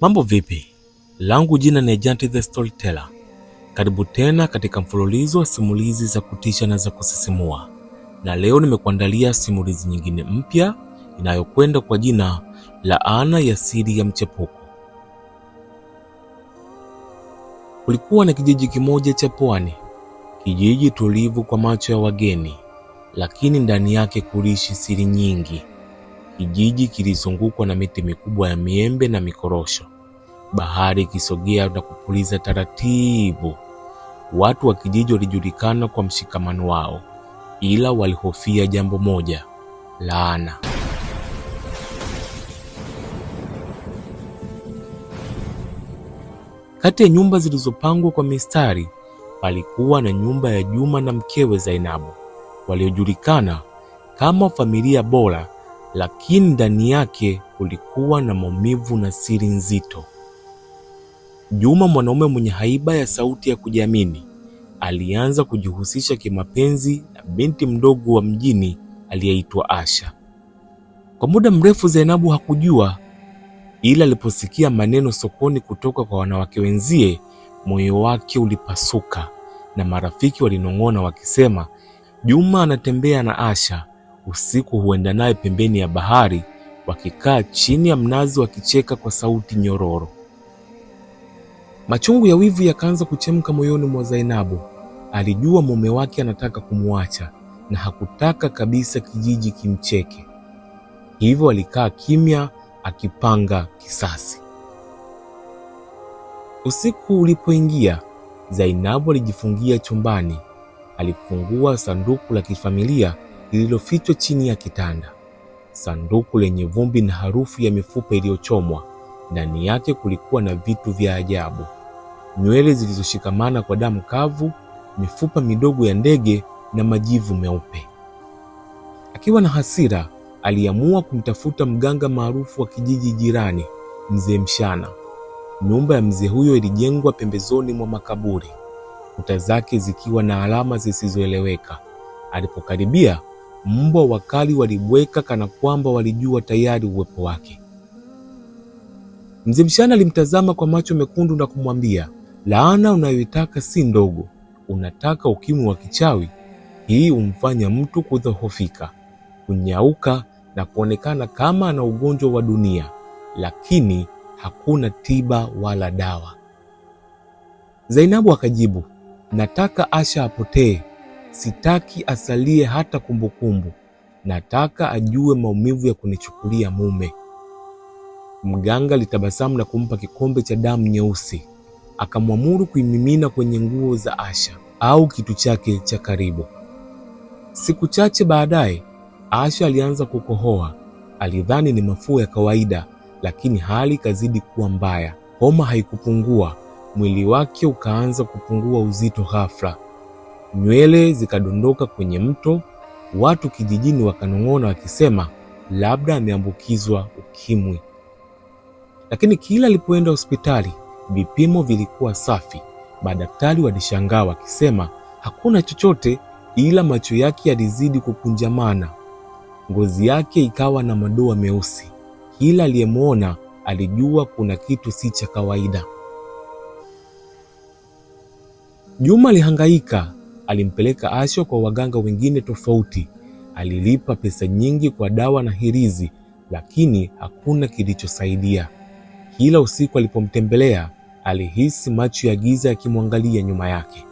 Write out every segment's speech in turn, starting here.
Mambo vipi? Langu jina ni Agent the Storyteller. Karibu tena katika mfululizo wa simulizi za kutisha na za kusisimua, na leo nimekuandalia simulizi nyingine mpya inayokwenda kwa jina Laana ya Siri ya Mchepuko. Kulikuwa na kijiji kimoja cha pwani, kijiji tulivu kwa macho ya wageni, lakini ndani yake kuliishi siri nyingi Kijiji kilizungukwa na miti mikubwa ya miembe na mikorosho, bahari ikisogea na kupuliza taratibu. Watu wa kijiji walijulikana kwa mshikamano wao, ila walihofia jambo moja: laana. Kati ya nyumba zilizopangwa kwa mistari palikuwa na nyumba ya Juma na mkewe Zainabu, waliojulikana kama familia bora lakini ndani yake kulikuwa na maumivu na siri nzito. Juma, mwanaume mwenye haiba ya sauti ya kujiamini, alianza kujihusisha kimapenzi na binti mdogo wa mjini aliyeitwa Asha. Kwa muda mrefu Zainabu hakujua, ila aliposikia maneno sokoni kutoka kwa wanawake wenzie, moyo wake ulipasuka, na marafiki walinong'ona wakisema, Juma anatembea na Asha. Usiku huenda naye pembeni ya bahari, wakikaa chini ya mnazi wakicheka kwa sauti nyororo. Machungu ya wivu yakaanza kuchemka moyoni mwa Zainabu. Alijua mume wake anataka kumwacha na hakutaka kabisa kijiji kimcheke, hivyo alikaa kimya akipanga kisasi. Usiku ulipoingia, Zainabu alijifungia chumbani. Alifungua sanduku la kifamilia lililofichwa chini ya kitanda, sanduku lenye vumbi na harufu ya mifupa iliyochomwa. Ndani yake kulikuwa na vitu vya ajabu: nywele zilizoshikamana kwa damu kavu, mifupa midogo ya ndege na majivu meupe. Akiwa na hasira, aliamua kumtafuta mganga maarufu wa kijiji jirani, Mzee Mshana. Nyumba ya mzee huyo ilijengwa pembezoni mwa makaburi, kuta zake zikiwa na alama zisizoeleweka. Alipokaribia, Mbwa wakali walibweka kana kwamba walijua tayari uwepo wake. Mzee Mshana alimtazama kwa macho mekundu na kumwambia, laana unayoitaka si ndogo, unataka ukimwi wa kichawi. Hii humfanya mtu kudhoofika, kunyauka na kuonekana kama ana ugonjwa wa dunia, lakini hakuna tiba wala dawa. Zainabu akajibu, nataka Asha apotee Sitaki asalie hata kumbukumbu, nataka ajue maumivu ya kunichukulia mume. Mganga alitabasamu na kumpa kikombe cha damu nyeusi, akamwamuru kuimimina kwenye nguo za Asha au kitu chake cha karibu. Siku chache baadaye, Asha alianza kukohoa. Alidhani ni mafua ya kawaida, lakini hali ikazidi kuwa mbaya. Homa haikupungua, mwili wake ukaanza kupungua uzito ghafla nywele zikadondoka kwenye mto. Watu kijijini wakanong'ona wakisema labda ameambukizwa ukimwi. Lakini kila alipoenda hospitali vipimo vilikuwa safi. Madaktari walishangaa wakisema hakuna chochote, ila macho yake yalizidi kukunjamana, ngozi yake ikawa na madoa meusi. Kila aliyemwona alijua kuna kitu si cha kawaida. Juma alihangaika alimpeleka Asho kwa waganga wengine tofauti. Alilipa pesa nyingi kwa dawa na hirizi, lakini hakuna kilichosaidia. Kila usiku alipomtembelea, alihisi macho ya giza yakimwangalia nyuma yake.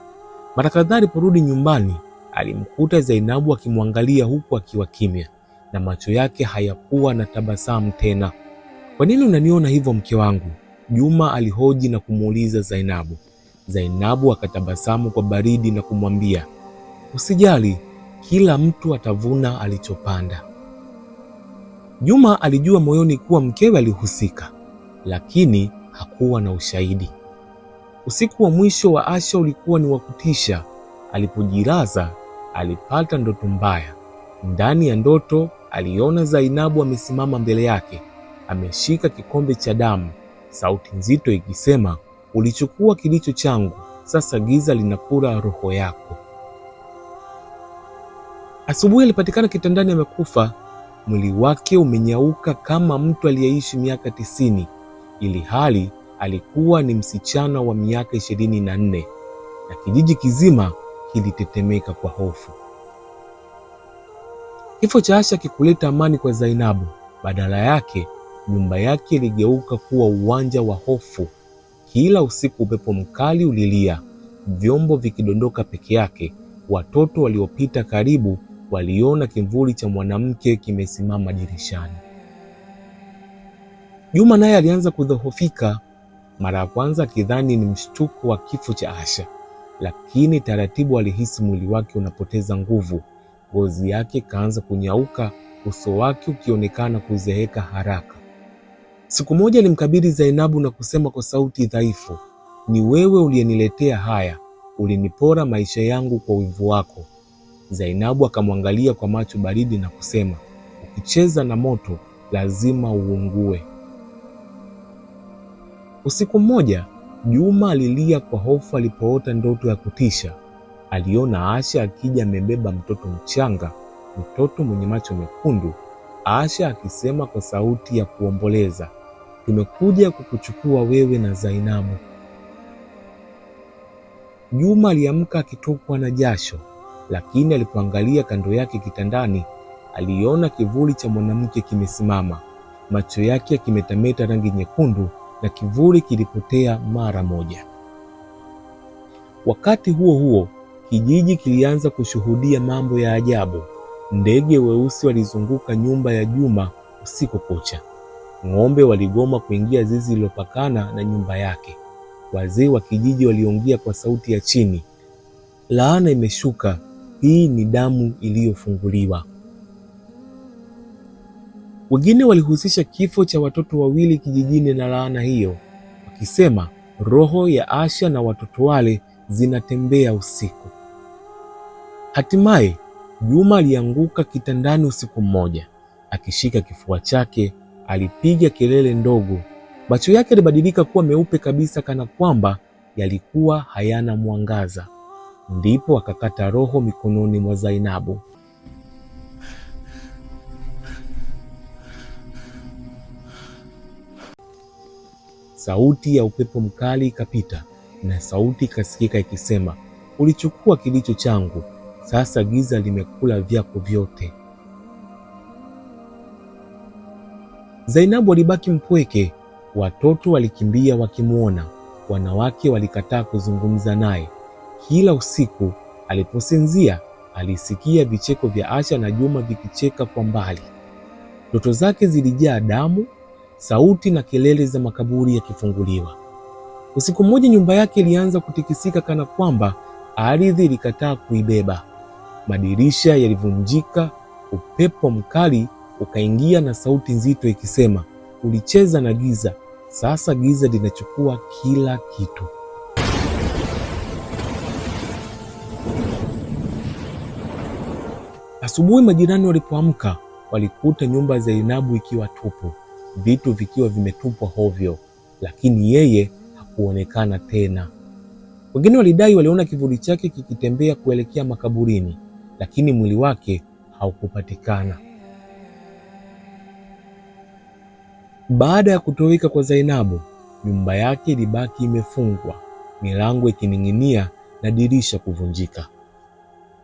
Mara kadhaa aliporudi nyumbani, alimkuta Zainabu akimwangalia huku akiwa kimya na macho yake hayakuwa na tabasamu tena. Kwa nini unaniona hivyo mke wangu? Juma alihoji na kumuuliza Zainabu. Zainabu akatabasamu kwa baridi na kumwambia, usijali, kila mtu atavuna alichopanda. Juma alijua moyoni kuwa mkewe alihusika, lakini hakuwa na ushahidi. Usiku wa mwisho wa Asha ulikuwa ni wa kutisha. Alipojilaza alipata ndoto mbaya. Ndani ya ndoto aliona Zainabu amesimama mbele yake, ameshika kikombe cha damu, sauti nzito ikisema, Ulichukua kilicho changu, sasa giza linakula roho yako. Asubuhi alipatikana kitandani amekufa, mwili wake umenyauka kama mtu aliyeishi miaka tisini, ili hali alikuwa ni msichana wa miaka ishirini na nne, na kijiji kizima kilitetemeka kwa hofu. Kifo cha Asha kikuleta amani kwa Zainabu. Badala yake nyumba yake iligeuka kuwa uwanja wa hofu. Kila usiku upepo mkali ulilia, vyombo vikidondoka peke yake. Watoto waliopita karibu waliona kimvuli cha mwanamke kimesimama dirishani. Juma naye alianza kudhoofika, mara ya kwanza akidhani ni mshtuko wa kifo cha Asha, lakini taratibu alihisi mwili wake unapoteza nguvu. Ngozi yake ikaanza kunyauka, uso wake ukionekana kuzeeka haraka. Siku moja alimkabiri Zainabu na kusema kwa sauti dhaifu, ni wewe uliyeniletea haya, ulinipora maisha yangu kwa wivu wako. Zainabu akamwangalia kwa macho baridi na kusema, ukicheza na moto lazima uungue. Usiku mmoja Juma alilia kwa hofu alipoota ndoto ya kutisha. Aliona Asha akija amebeba mtoto mchanga, mtoto mwenye macho mekundu. Asha akisema kwa sauti ya kuomboleza, tumekuja kukuchukua wewe na Zainabu. Juma aliamka akitokwa na jasho, lakini alipoangalia kando yake kitandani aliona kivuli cha mwanamke kimesimama, macho yake yakimetameta rangi nyekundu, na kivuli kilipotea mara moja. Wakati huo huo, kijiji kilianza kushuhudia mambo ya ajabu. Ndege weusi walizunguka nyumba ya Juma usiku kucha. Ng'ombe waligoma kuingia zizi lililopakana na nyumba yake. Wazee wa kijiji waliongea kwa sauti ya chini, laana imeshuka, hii ni damu iliyofunguliwa. Wengine walihusisha kifo cha watoto wawili kijijini na laana hiyo, wakisema roho ya Asha na watoto wale zinatembea usiku. Hatimaye Juma alianguka kitandani usiku mmoja akishika kifua chake alipiga kelele ndogo. Macho yake yalibadilika kuwa meupe kabisa, kana kwamba yalikuwa hayana mwangaza. Ndipo akakata roho mikononi mwa Zainabu. Sauti ya upepo mkali ikapita na sauti ikasikika ikisema, ulichukua kilicho changu, sasa giza limekula vyako vyote. Zainabu alibaki mpweke. Watoto walikimbia wakimwona, wanawake walikataa kuzungumza naye. Kila usiku aliposinzia, alisikia vicheko vya Asha na Juma vikicheka kwa mbali. Ndoto zake zilijaa damu, sauti na kelele za makaburi yakifunguliwa. Usiku mmoja, nyumba yake ilianza kutikisika kana kwamba ardhi ilikataa kuibeba. Madirisha yalivunjika, upepo mkali ukaingia na sauti nzito ikisema, ulicheza na giza, sasa giza linachukua kila kitu. Asubuhi majirani walipoamka, walikuta nyumba ya Zainabu ikiwa tupu, vitu vikiwa vimetupwa hovyo, lakini yeye hakuonekana tena. Wengine walidai waliona kivuli chake kikitembea kuelekea makaburini, lakini mwili wake haukupatikana. Baada ya kutoweka kwa Zainabu, nyumba yake ilibaki imefungwa, milango ikining'inia na dirisha kuvunjika.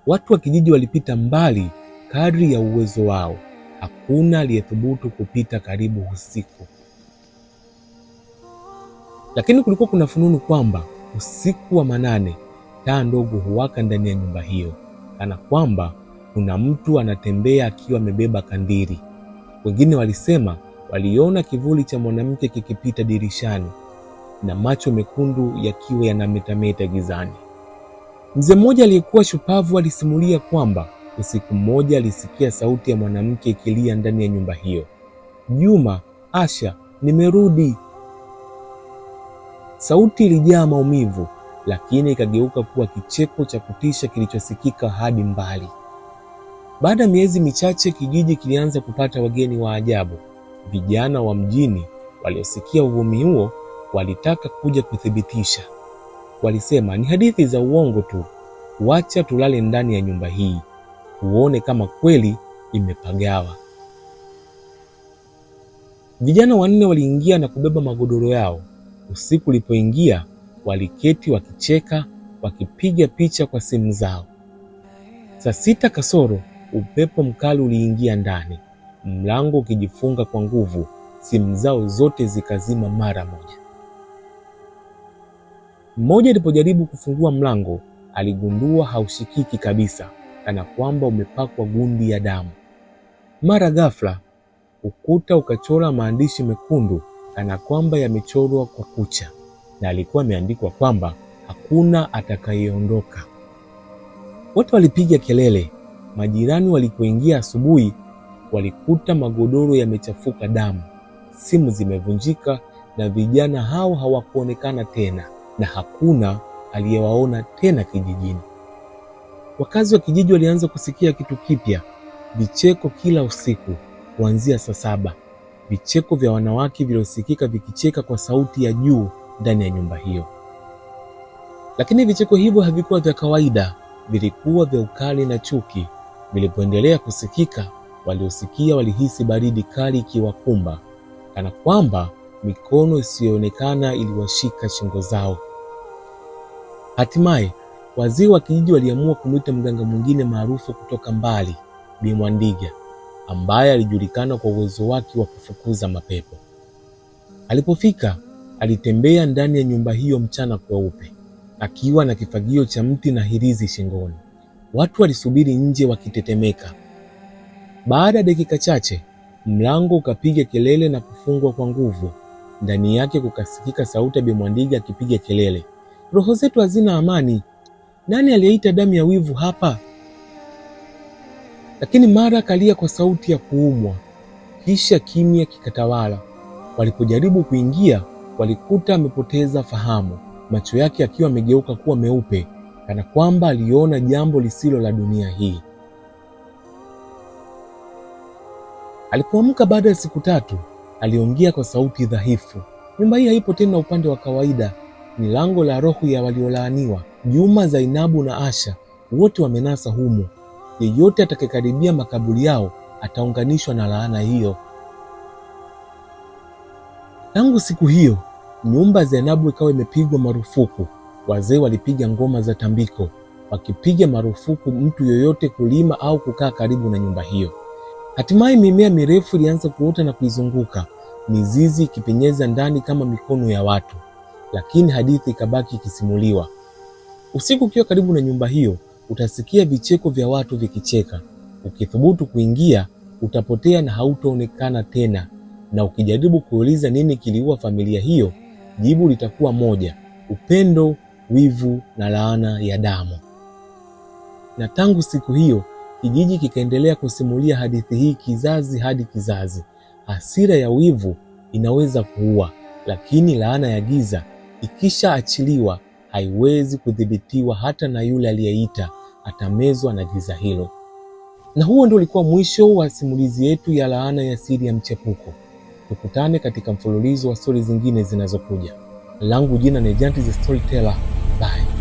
Watu wa kijiji walipita mbali kadri ya uwezo wao. Hakuna aliyethubutu kupita karibu usiku, lakini kulikuwa kuna fununu kwamba usiku wa manane taa ndogo huwaka ndani ya nyumba hiyo, kana kwamba kuna mtu anatembea akiwa amebeba kandiri. Wengine walisema Waliona kivuli cha mwanamke kikipita dirishani na macho mekundu yakiwa yanametameta gizani. Mzee mmoja aliyekuwa shupavu alisimulia kwamba usiku mmoja alisikia sauti ya mwanamke ikilia ndani ya nyumba hiyo, Juma, Asha, nimerudi. Sauti ilijaa maumivu, lakini ikageuka kuwa kicheko cha kutisha kilichosikika hadi mbali. Baada ya miezi michache, kijiji kilianza kupata wageni wa ajabu. Vijana wa mjini waliosikia uvumi huo walitaka kuja kuthibitisha. Walisema ni hadithi za uongo tu, wacha tulale ndani ya nyumba hii uone kama kweli imepagawa. Vijana wanne waliingia na kubeba magodoro yao. Usiku ulipoingia, waliketi wakicheka, wakipiga picha kwa simu zao. Saa sita kasoro, upepo mkali uliingia ndani mlango ukijifunga kwa nguvu, simu zao zote zikazima mara moja. Mmoja alipojaribu kufungua mlango aligundua haushikiki kabisa, kana kwamba umepakwa gundi ya damu. Mara ghafla, ukuta ukachora maandishi mekundu, kana kwamba yamechorwa kwa kucha, na alikuwa ameandikwa kwamba hakuna atakayeondoka. Watu walipiga kelele. Majirani walipoingia asubuhi, walikuta magodoro yamechafuka damu, simu zimevunjika, na vijana hao hawakuonekana tena, na hakuna aliyewaona tena kijijini. Wakazi wa kijiji walianza kusikia kitu kipya, vicheko kila usiku kuanzia saa saba. Vicheko vya wanawake viliosikika vikicheka kwa sauti ya juu ndani ya nyumba hiyo, lakini vicheko hivyo havikuwa vya kawaida, vilikuwa vya ukali na chuki. Vilipoendelea kusikika Waliosikia walihisi baridi kali ikiwakumba, kana kwamba mikono isiyoonekana iliwashika shingo zao. Hatimaye wazee wa kijiji waliamua kumwita mganga mwingine maarufu kutoka mbali, Bi Mwandiga, ambaye alijulikana kwa uwezo wake wa kufukuza mapepo. Alipofika, alitembea ndani ya nyumba hiyo mchana kweupe, akiwa na kifagio cha mti na hirizi shingoni. Watu walisubiri nje wakitetemeka, baada ya dakika chache, mlango ukapiga kelele na kufungwa kwa nguvu. Ndani yake kukasikika sauti ya Bimwandiga akipiga kelele, roho zetu hazina amani, nani aliyeita damu ya wivu hapa? Lakini mara akalia kwa sauti ya kuumwa, kisha kimya kikatawala. Walipojaribu kuingia, walikuta amepoteza fahamu, macho yake akiwa amegeuka kuwa meupe, kana kwamba aliona jambo lisilo la dunia hii. Alipoamka baada ya siku tatu, aliongea kwa sauti dhaifu, nyumba hii haipo tena upande wa kawaida, ni lango la roho ya waliolaaniwa. Juma, Zainabu na Asha wote wamenasa humo. Yeyote atakayekaribia makaburi yao ataunganishwa na laana hiyo. Tangu siku hiyo nyumba ya Zainabu ikawa imepigwa marufuku. Wazee walipiga ngoma za tambiko, wakipiga marufuku mtu yoyote kulima au kukaa karibu na nyumba hiyo. Hatimaye mimea mirefu ilianza kuota na kuizunguka, mizizi ikipenyeza ndani kama mikono ya watu, lakini hadithi ikabaki ikisimuliwa. Usiku ukiwa karibu na nyumba hiyo, utasikia vicheko vya watu vikicheka. Ukithubutu kuingia, utapotea na hautaonekana tena, na ukijaribu kuuliza nini kiliua familia hiyo, jibu litakuwa moja: upendo, wivu na laana ya damu. Na tangu siku hiyo Kijiji kikaendelea kusimulia hadithi hii kizazi hadi kizazi. Hasira ya wivu inaweza kuua, lakini laana ya giza ikishaachiliwa haiwezi kudhibitiwa. Hata na yule aliyeita atamezwa na giza hilo. Na huo ndio ulikuwa mwisho wa simulizi yetu ya Laana ya Siri ya Mchepuko. Tukutane katika mfululizo wa stori zingine zinazokuja. Langu jina ni Janti the Storyteller. Bye.